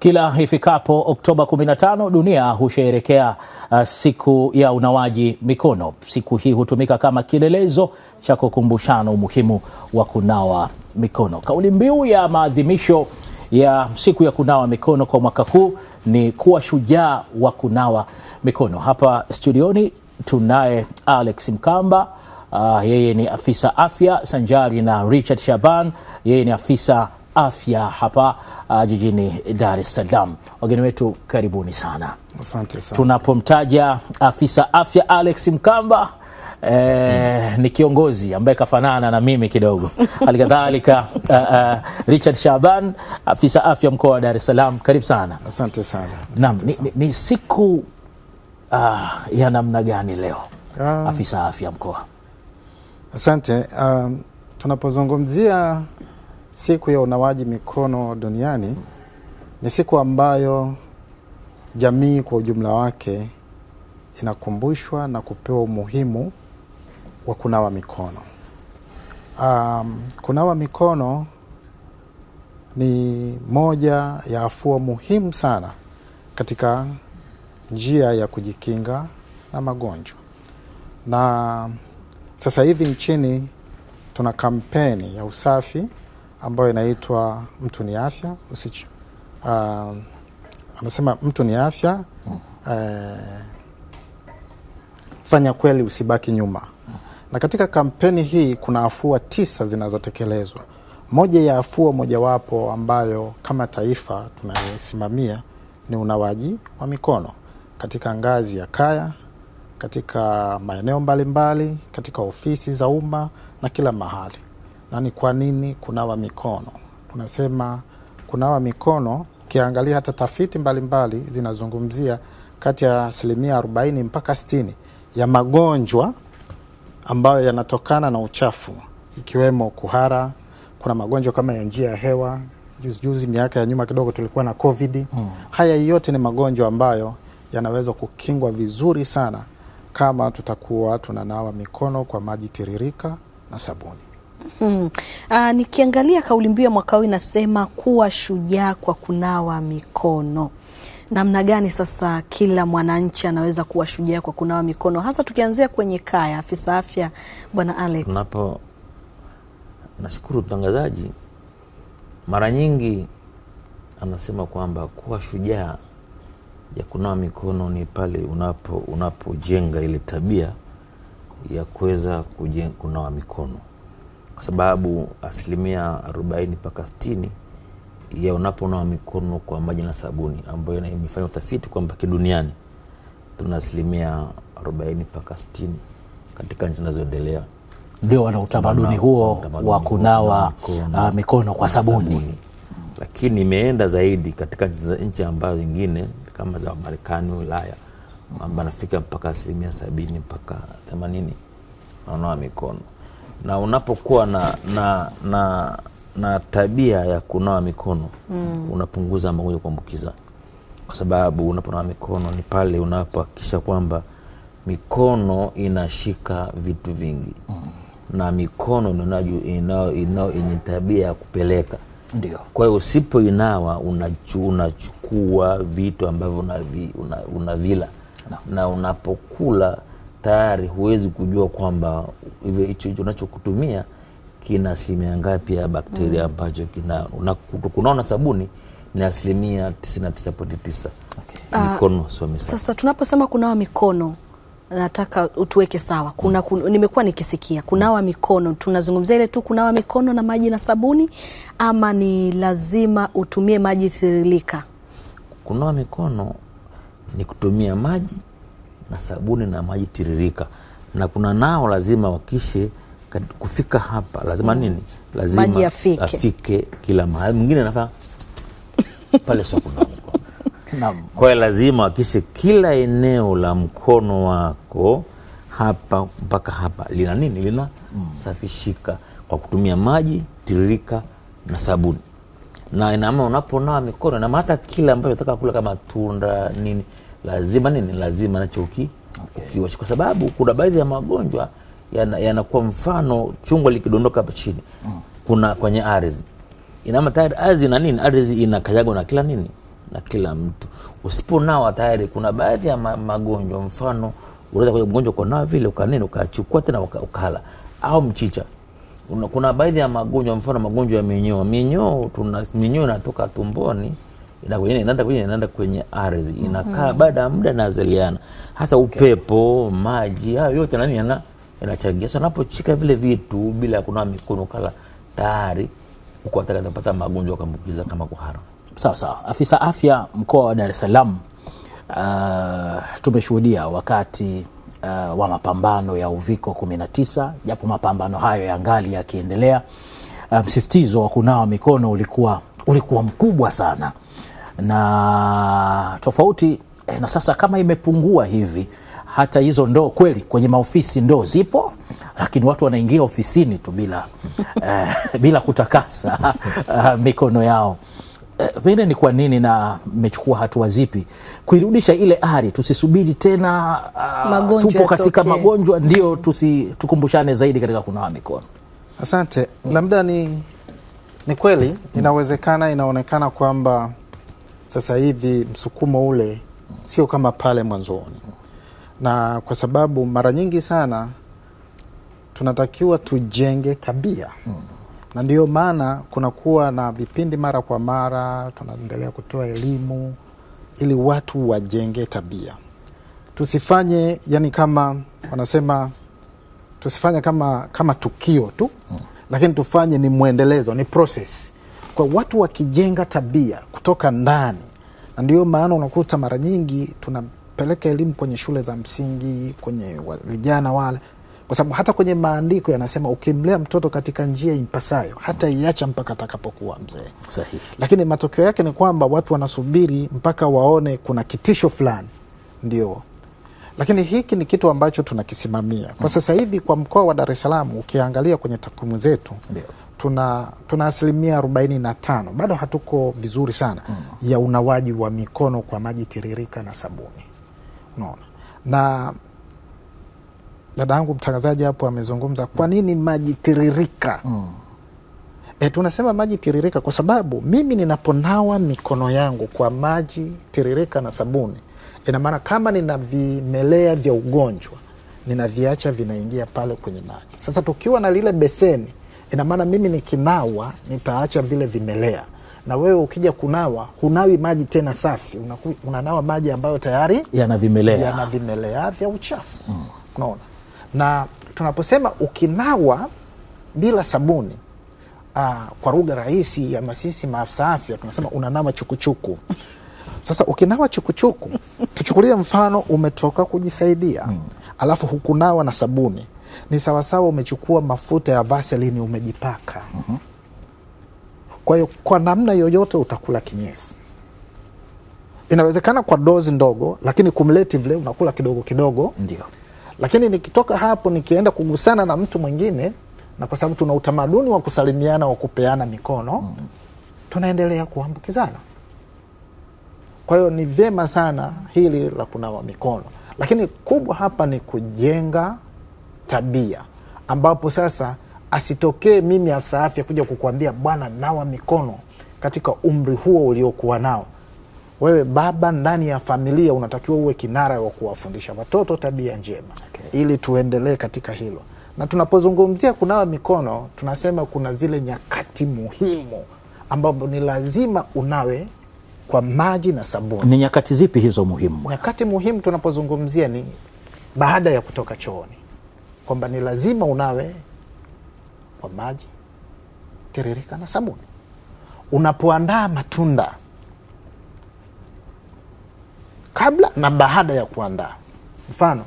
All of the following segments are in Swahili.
Kila ifikapo Oktoba 15 dunia husherekea uh, siku ya unawaji mikono. Siku hii hutumika kama kielelezo cha kukumbushana umuhimu wa kunawa mikono. Kauli mbiu ya maadhimisho ya siku ya kunawa mikono kwa mwaka huu ni kuwa shujaa wa kunawa mikono. Hapa studioni tunaye Alex Mkamba. Uh, yeye ni afisa afya, sanjari na Richard Shaban, yeye ni afisa afya hapa uh, jijini Dar es Salaam. Wageni wetu karibuni sana. Asante sana. Tunapomtaja afisa afya Alex Mkamba Eh, ni kiongozi ambaye kafanana na mimi kidogo, halikadhalika uh, uh, Richard Shaban, afisa afya mkoa wa Dar es Salaam, karibu sana. Asante sana. Naam, ni, ni, ni siku uh, ya namna gani leo um, afisa afya mkoa? Asante um, tunapozungumzia siku ya unawaji mikono duniani ni siku ambayo jamii kwa ujumla wake inakumbushwa na kupewa umuhimu wa kunawa mikono. Um, kunawa mikono ni moja ya afua muhimu sana katika njia ya kujikinga na magonjwa. Na sasa hivi nchini tuna kampeni ya usafi ambayo inaitwa mtu ni afya usich uh, um, anasema mtu ni afya uh, fanya kweli usibaki nyuma. Na katika kampeni hii kuna afua tisa zinazotekelezwa. Moja ya afua mojawapo ambayo kama taifa tunaisimamia ni unawaji wa mikono katika ngazi ya kaya, katika maeneo mbalimbali, katika ofisi za umma na kila mahali na ni kwa nini kunawa mikono. Unasema kunawa mikono, ukiangalia hata tafiti mbalimbali mbali, zinazungumzia kati ya asilimia 40 mpaka 60 ya magonjwa ambayo yanatokana na uchafu ikiwemo kuhara. Kuna magonjwa kama ya njia ya hewa. Juzi juzi miaka ya nyuma kidogo tulikuwa na COVID. Mm. Haya yote ni magonjwa ambayo yanaweza kukingwa vizuri sana kama tutakuwa tunanawa mikono kwa maji tiririka na sabuni. Hmm. Uh, nikiangalia kauli mbiu ya mwaka huu inasema kuwa shujaa kwa kunawa mikono. Namna gani sasa kila mwananchi anaweza kuwa shujaa kwa kunawa mikono, hasa tukianzia kwenye kaya? Afisa afya Bwana Alex. Napo nashukuru mtangazaji, mara nyingi anasema kwamba kuwa shujaa ya kunawa mikono ni pale unapo unapojenga ile tabia ya kuweza kunawa mikono kwa sababu asilimia 40 mpaka 60 ya unaponawa mikono kwa maji na sabuni, ambayo imefanya utafiti kwamba kiduniani tuna asilimia 40 mpaka 60 katika nchi zinazoendelea ndio wana utamaduni huo wa kunawa mikono, ah, mikono kwa sabuni, sabuni. Lakini imeenda zaidi katika nchi ambazo nyingine kama za Marekani, Ulaya ambayo anafika mpaka asilimia sabini mpaka themanini wanaonawa mikono na unapokuwa na, na, na, na tabia ya kunawa mikono mm. unapunguza magonjwa kuambukiza, kwa sababu unaponawa mikono ni pale unapohakikisha kwamba mikono inashika vitu vingi mm. na mikono ndio inao yenye tabia ya kupeleka Kwa hiyo usipoinawa unachukua vitu ambavyo unavila una, una na unapokula tayari huwezi kujua kwamba hivyo hicho hicho unachokutumia kina asilimia ngapi ya bakteria mm. ambacho kina kunaona sabuni ni asilimia 99.9 okay. Mikono ah, sio misafi. Sasa tunaposema kunawa mikono nataka utuweke sawa. Kuna, mm. kun, nimekuwa nikisikia kunawa mm. mikono, tunazungumzia ile tu kunawa mikono na maji na sabuni, ama ni lazima utumie maji tiririka? Kunawa mikono ni kutumia maji na sabuni na maji tiririka, na kuna nao lazima wakishe kufika hapa lazima mm. nini, lazima afike. afike kila mahali. Mwingine anafaa pale sokunamko kwa hiyo lazima wakishe kila eneo la mkono wako hapa mpaka hapa lina nini, linasafishika mm. kwa kutumia maji tiririka na sabuni, na inama unaponawa mikono na hata kila ambacho unataka kula kama tunda nini lazima nini, lazima nacho uki okay. kwa sababu kuna baadhi ya magonjwa yanakuwa, ya mfano chungwa likidondoka hapa chini mm. kuna kwenye ardhi inama tayari ardhi na nini, ardhi ina inakanyagwa na kila nini na kila mtu. Usiponawa tayari, kuna baadhi ya ma magonjwa, mfano unaweza kuja mgonjwa kwa nao vile uka nini ukachukua tena uka, ukala au mchicha kuna baadhi ya magonjwa, mfano magonjwa ya minyoo. Minyoo tuna minyoo inatoka tumboni inaenda kwenye inaenda kwenye ardhi mm-hmm. inakaa, mm -hmm. Baada ya muda nazaliana hasa upepo, okay. Maji hayo yote nani yana inachangia so napochika vile vitu bila kunawa mikono kala tayari uko atakapata magonjwa kuambukiza kama kuhara. Sawa sawa. Afisa afya mkoa wa Dar es Salaam, uh, tumeshuhudia wakati uh, wa mapambano ya uviko 19 japo mapambano hayo ya ngali yakiendelea, ah, msisitizo um, wa kunawa mikono ulikuwa ulikuwa mkubwa sana na tofauti eh, na sasa kama imepungua hivi, hata hizo ndoo kweli kwenye maofisi ndoo zipo, lakini watu wanaingia ofisini tu bila eh, bila kutakasa eh, mikono yao vile eh, ni kwa nini na mmechukua hatua zipi kuirudisha ile ari? Tusisubiri tena uh, tupo katika toke, magonjwa ndio tusi, tukumbushane zaidi katika kunawa mikono. Asante. Labda ni, ni kweli inawezekana, inaonekana kwamba sasa hivi msukumo ule sio kama pale mwanzoni, na kwa sababu mara nyingi sana tunatakiwa tujenge tabia mm. na ndiyo maana kunakuwa na vipindi mara kwa mara, tunaendelea kutoa elimu ili watu wajenge tabia, tusifanye yani, kama wanasema tusifanye kama, kama tukio tu mm. lakini tufanye ni mwendelezo, ni process kwa watu wakijenga tabia kutoka ndani, na ndiyo maana unakuta mara nyingi tunapeleka elimu kwenye shule za msingi, kwenye vijana wale, kwa sababu hata kwenye maandiko yanasema ukimlea mtoto katika njia impasayo hata iacha mpaka atakapokuwa mzee. Sahihi. Lakini matokeo yake ni kwamba watu wanasubiri mpaka waone kuna kitisho fulani ndio lakini hiki ni kitu ambacho tunakisimamia kwa mm. sasa hivi. Kwa mkoa wa Dar es Salaam, ukiangalia kwenye takwimu zetu, tuna, tuna asilimia 45 bado hatuko vizuri sana mm. ya unawaji wa mikono kwa maji tiririka na sabuni unaona na dada yangu mtangazaji hapo amezungumza kwa mm. nini maji tiririka mm. E, tunasema maji tiririka kwa sababu mimi ninaponawa mikono yangu kwa maji tiririka na sabuni, ina maana kama nina vimelea vya ugonjwa ninaviacha vinaingia pale kwenye maji. Sasa tukiwa na lile beseni Ina maana mimi nikinawa nitaacha vile vimelea, na wewe ukija kunawa hunawi maji tena safi, unanawa maji ambayo tayari yana vimelea, yana vimelea vya uchafu mm. Unaona, na tunaposema ukinawa bila sabuni aa, ah, kwa lugha rahisi ya masisi maafisa afya tunasema unanawa chukuchuku. Sasa ukinawa chukuchuku, tuchukulie mfano umetoka kujisaidia mm. alafu hukunawa na sabuni ni sawasawa umechukua mafuta ya vaselini umejipaka. mm -hmm. Kwa hiyo kwa namna yoyote utakula kinyesi, inawezekana kwa dozi ndogo, lakini cumulatively unakula kidogo kidogo. Ndio. Lakini nikitoka hapo nikienda kugusana na mtu mwingine, na kwa sababu tuna utamaduni wa kusalimiana wa kupeana mikono mm -hmm. tunaendelea kuambukizana. Kwa hiyo ni vyema sana hili la kunawa mikono, lakini kubwa hapa ni kujenga tabia, ambapo sasa asitokee mimi afisa afya kuja kukuambia bwana, nawa mikono katika umri huo uliokuwa nao wewe baba ndani ya familia unatakiwa uwe kinara wa kuwafundisha watoto tabia njema okay. Ili tuendelee katika hilo, na tunapozungumzia kunawa mikono, tunasema kuna zile nyakati muhimu ambapo ni lazima unawe kwa maji na sabuni. Ni nyakati zipi hizo muhimu? Nyakati muhimu tunapozungumzia ni baada ya kutoka chooni kwamba ni lazima unawe kwa maji tiririka na sabuni. Unapoandaa matunda kabla na baada ya kuandaa, mfano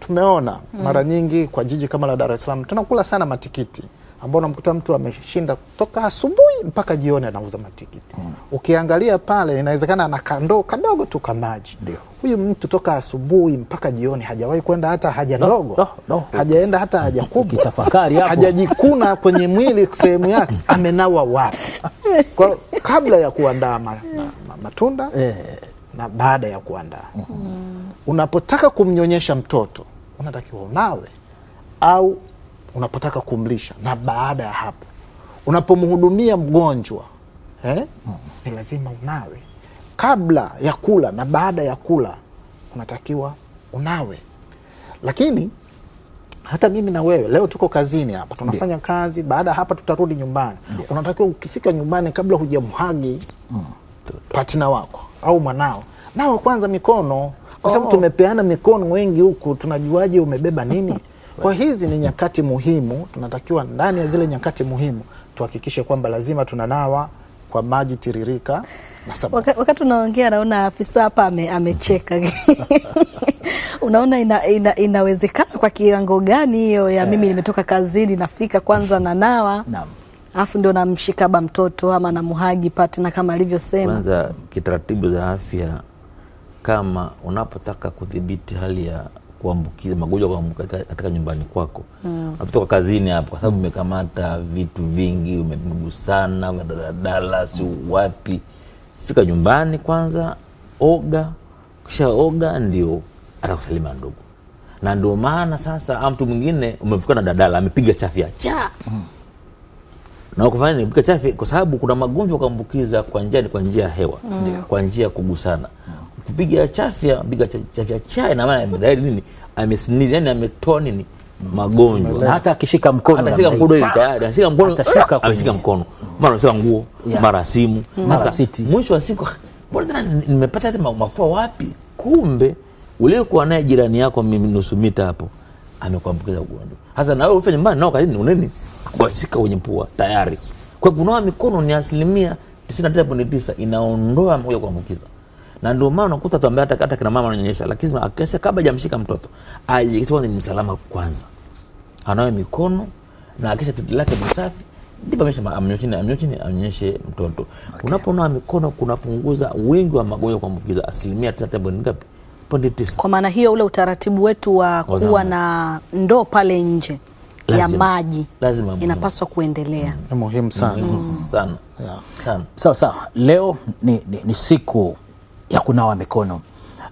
tumeona mm. mara nyingi kwa jiji kama la Dar es Salaam tunakula sana matikiti ambao unamkuta mtu ameshinda kutoka asubuhi mpaka jioni anauza matikiti mm. Ukiangalia pale inawezekana ana kandoo kadogo tu ka maji. Huyu mtu toka asubuhi mpaka jioni hajawahi kwenda hata haja ndogo no, no. Hajaenda hata haja kubwa hajajikuna kwenye mwili sehemu yake amenawa wapi? Kwa kabla ya kuandaa ma, ma, ma, matunda eh, na baada ya kuandaa mm. Unapotaka kumnyonyesha mtoto unatakiwa unawe au unapotaka kumlisha na baada ya hapo unapomhudumia mgonjwa eh, mm. ni lazima unawe kabla ya kula na baada ya kula unatakiwa unawe. Lakini hata mimi na wewe leo tuko kazini hapa, tunafanya yeah. kazi. Baada ya hapa tutarudi nyumbani yeah. unatakiwa ukifika nyumbani, kabla hujamhagi mm. patina wako au mwanao, nawa kwanza mikono, kwa sababu oh. tumepeana mikono wengi huku, tunajuaje umebeba nini? Kwa hizi ni nyakati muhimu, tunatakiwa ndani ya zile nyakati muhimu tuhakikishe kwamba lazima tunanawa kwa maji tiririka na sabuni. Waka, wakati unaongea naona afisa hapa ame, amecheka Unaona ina, ina, inawezekana kwa kiwango gani hiyo ya eh. mimi nimetoka kazini nafika kwanza nanawa naam alafu ndio namshikaba mtoto ama namuhagi partner kama alivyosema. Kwanza kitaratibu za afya, kama unapotaka kudhibiti hali ya kuambukiza magonjwa katika nyumbani kwako mm. Unapitoka kazini hapo, kwa sababu umekamata vitu vingi, umegusana na daladala, si mm. wapi. Fika nyumbani kwanza, oga, kisha oga ndio atakusalima ndugu. Na ndio maana sasa mtu mwingine umevuka na dadala, amepiga chafya cha mm. na ukufanya ni kupiga chafya, kwa sababu kuna magonjwa kuambukiza kwa njia ni kwa njia ya hewa mm. kwa njia ya kugusana mm kupiga chafya, piga chafya chai na maana dhahiri nini, amesinizi yani ametoa nini magonjwa. Hata akishika mkono, anashika mkono hivi tayari, anashika mkono, atashika, ameshika mkono, mara anashika nguo, mara simu, mara siti. Mwisho wa siku, mbona tena nimepata hata mafua wapi? Kumbe uliokuwa naye jirani yako mimi nusu mita hapo amekuambukiza ugonjwa. hasa na wewe ufanye mbali nao kazini, uneni kuwashika kwenye pua tayari. Kwa kunawa mikono ni asilimia 99.9 inaondoa magonjwa kuambukiza na ndio maana unakuta tuambia hata hata kina mama wananyonyesha, lakini akesha kabla hajamshika mtoto ajikitoa ni msalama kwanza, anawe mikono na akisha titi lake safi, ndipo amnyonyeshe mtoto. Okay. Unaponawa mikono kunapunguza wingi wa magonjwa kuambukiza asilimia ngapi? tisa. Kwa maana hiyo ule utaratibu wetu wa kuwa na ndoo pale nje lazima, ya maji lazima inapaswa kuendelea. Mm. Ni muhimu sana. Mm. Sana. Sawa sawa. Leo ni, ni, ni siku ya kunawa mikono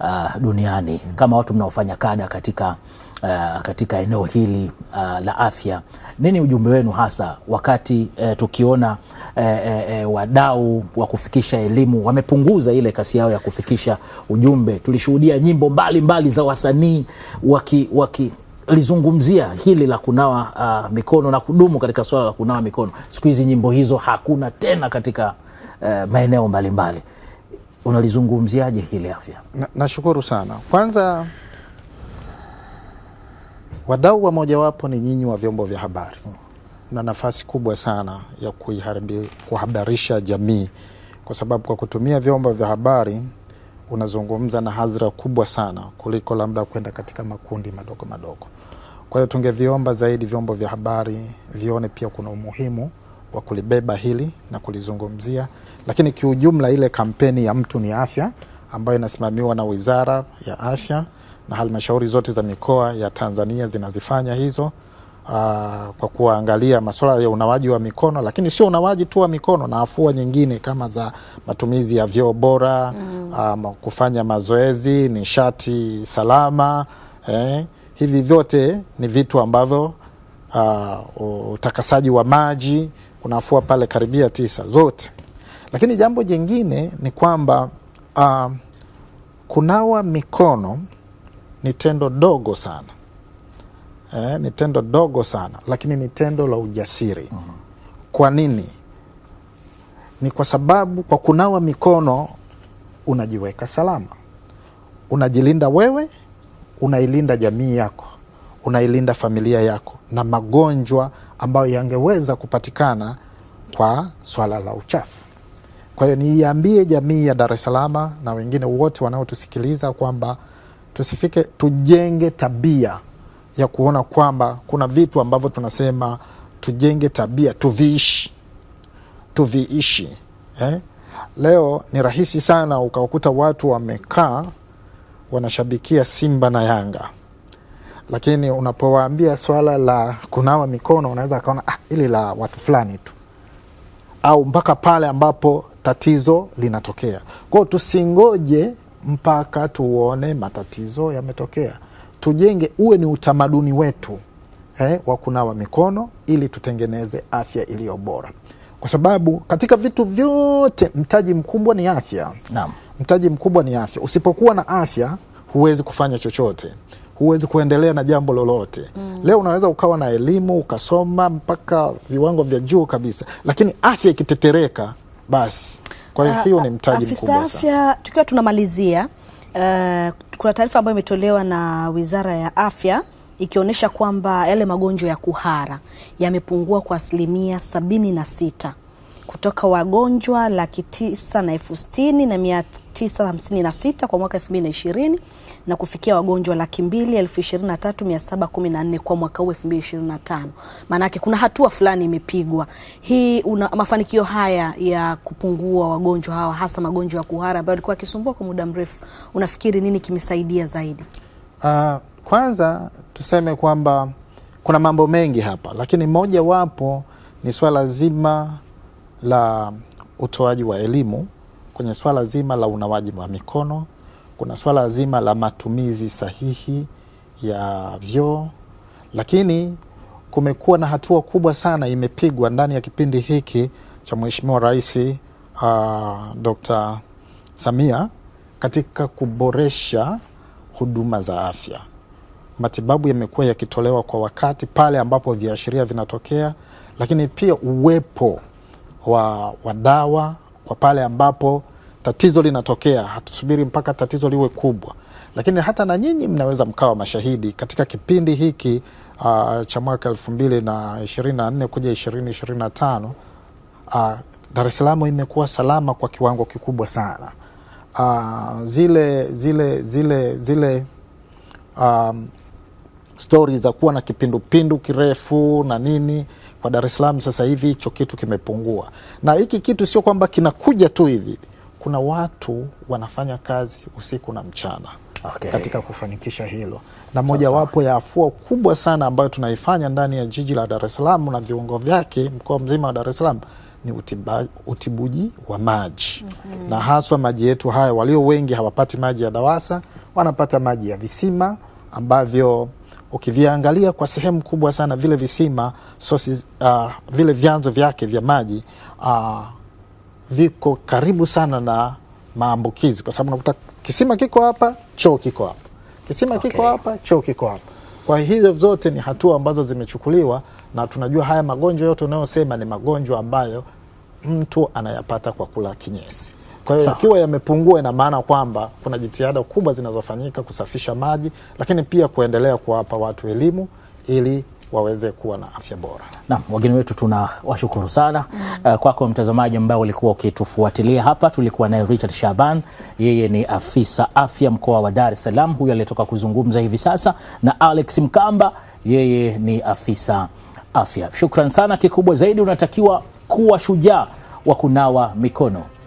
uh, duniani kama watu mnaofanya kada katika Uh, katika eneo hili uh, la afya, nini ujumbe wenu hasa wakati uh, tukiona uh, uh, wadau wa kufikisha elimu wamepunguza ile kasi yao ya kufikisha ujumbe? Tulishuhudia nyimbo mbalimbali mbali za wasanii waki, waki, hili la kunawa uh, mikono na kudumu katika suala la kunawa mikono. Siku hizi nyimbo hizo hakuna tena katika uh, maeneo mbalimbali mbali unalizungumziaje hili afya? Nashukuru na sana. Kwanza wadau wa mojawapo ni nyinyi wa vyombo vya habari, hmm. na nafasi kubwa sana ya kuhabarisha jamii, kwa sababu kwa kutumia vyombo vya habari unazungumza na hadhira kubwa sana kuliko labda kwenda katika makundi madogo madogo. Kwa hiyo tungeviomba zaidi vyombo vya habari vione pia kuna umuhimu wa kulibeba hili na kulizungumzia, lakini kiujumla ile kampeni ya Mtu ni Afya ambayo inasimamiwa na Wizara ya Afya na halmashauri zote za mikoa ya Tanzania zinazifanya hizo uh, kwa kuangalia masuala ya unawaji wa mikono, lakini sio unawaji tu wa mikono na afua nyingine kama za matumizi ya vyoo bora mm. aa, ah, kufanya mazoezi, nishati salama eh. Hivi vyote ni vitu ambavyo ah, utakasaji wa maji unafua pale karibia tisa zote. Lakini jambo jingine ni kwamba uh, kunawa mikono ni tendo dogo sana eh, ni tendo dogo sana lakini ni tendo la ujasiri. Mm-hmm. Kwa nini? Ni kwa sababu kwa kunawa mikono unajiweka salama, unajilinda wewe, unailinda jamii yako, unailinda familia yako na magonjwa ambayo yangeweza kupatikana kwa swala la uchafu. Kwa hiyo niiambie jamii ya Dar es Salaam na wengine wote wanaotusikiliza kwamba tusifike, tujenge tabia ya kuona kwamba kuna vitu ambavyo tunasema tujenge tabia tuviishi, tuviishi eh? Leo ni rahisi sana ukawakuta watu wamekaa wanashabikia Simba na Yanga lakini unapowaambia swala la kunawa mikono, unaweza akaona ah, ili la watu fulani tu, au mpaka pale ambapo tatizo linatokea. Kwao tusingoje mpaka tuone matatizo yametokea, tujenge, uwe ni utamaduni wetu eh, wa kunawa mikono ili tutengeneze afya iliyo bora, kwa sababu katika vitu vyote mtaji mkubwa ni afya. Naam, mtaji mkubwa ni afya. Usipokuwa na afya huwezi kufanya chochote huwezi kuendelea na jambo lolote mm. Leo unaweza ukawa na elimu ukasoma mpaka viwango vya juu kabisa, lakini afya ikitetereka, basi kwa hiyo ah, hiyo ni ah, mtaji mkubwa sana. Tukiwa tunamalizia uh, kuna taarifa ambayo imetolewa na Wizara ya Afya ikionyesha kwamba yale magonjwa ya kuhara yamepungua kwa asilimia sabini na sita kutoka wagonjwa laki tisa na elfu sitini na mia tisa hamsini na sita kwa mwaka elfu mbili na ishirini na kufikia wagonjwa laki mbili elfu ishirini na tatu mia saba kumi na nne kwa mwaka huu elfu mbili ishirini na tano. Maanake kuna hatua fulani imepigwa. Hii una mafanikio haya ya kupungua wagonjwa hawa, hasa magonjwa ya kuhara ambayo alikuwa akisumbua kwa muda mrefu, unafikiri nini kimesaidia zaidi? Uh, kwanza tuseme kwamba kuna mambo mengi hapa, lakini mojawapo ni swala zima la utoaji wa elimu kwenye swala zima la unawaji wa mikono, kuna swala zima la matumizi sahihi ya vyoo, lakini kumekuwa na hatua kubwa sana imepigwa ndani ya kipindi hiki cha Mheshimiwa Rais uh, Dr. Samia katika kuboresha huduma za afya. Matibabu yamekuwa yakitolewa kwa wakati pale ambapo viashiria vinatokea, lakini pia uwepo wa, wa dawa kwa pale ambapo tatizo linatokea. Hatusubiri mpaka tatizo liwe kubwa, lakini hata na nyinyi mnaweza mkawa mashahidi katika kipindi hiki uh, cha mwaka elfu mbili na ishirini na nne kuja ishirini ishirini na tano uh, Dar es Salaam imekuwa salama kwa kiwango kikubwa sana. Uh, zile zile zile zile um, stori za kuwa na kipindupindu kirefu na nini kwa Dar es Salaam sasa hivi hicho kitu kimepungua, na hiki kitu sio kwamba kinakuja tu hivi. Kuna watu wanafanya kazi usiku na mchana okay, katika kufanikisha hilo, na mojawapo ya afua kubwa sana ambayo tunaifanya ndani ya jiji la Dar es Salaam na viungo vyake, mkoa mzima wa Dar es Salaam ni utiba, utibuji wa maji mm -hmm. na haswa maji yetu haya, walio wengi hawapati maji ya DAWASA, wanapata maji ya visima ambavyo ukiviangalia kwa sehemu kubwa sana vile visima sources, uh, ah, vile vyanzo vyake vya maji uh, viko karibu sana na maambukizi, kwa sababu nakuta kisima kiko hapa, choo kiko hapa, kisima okay, kiko hapa, choo kiko hapa. Kwa hiyo zote ni hatua ambazo zimechukuliwa, na tunajua haya magonjwa yote unayosema ni magonjwa ambayo mtu anayapata kwa kula kinyesi. Kwa hiyo ikiwa yamepungua, ina maana kwamba kuna jitihada kubwa zinazofanyika kusafisha maji, lakini pia kuendelea kuwapa watu elimu ili waweze kuwa na afya bora. Naam, wageni wetu tunawashukuru sana mm -hmm. Uh, kwako mtazamaji ambao ulikuwa ukitufuatilia hapa, tulikuwa naye Richard Shaban, yeye ni afisa afya mkoa wa Dar es Salaam, huyu aliyetoka kuzungumza hivi sasa, na Alex Mkamba, yeye ni afisa afya. Shukran sana, kikubwa zaidi unatakiwa kuwa shujaa wa kunawa mikono.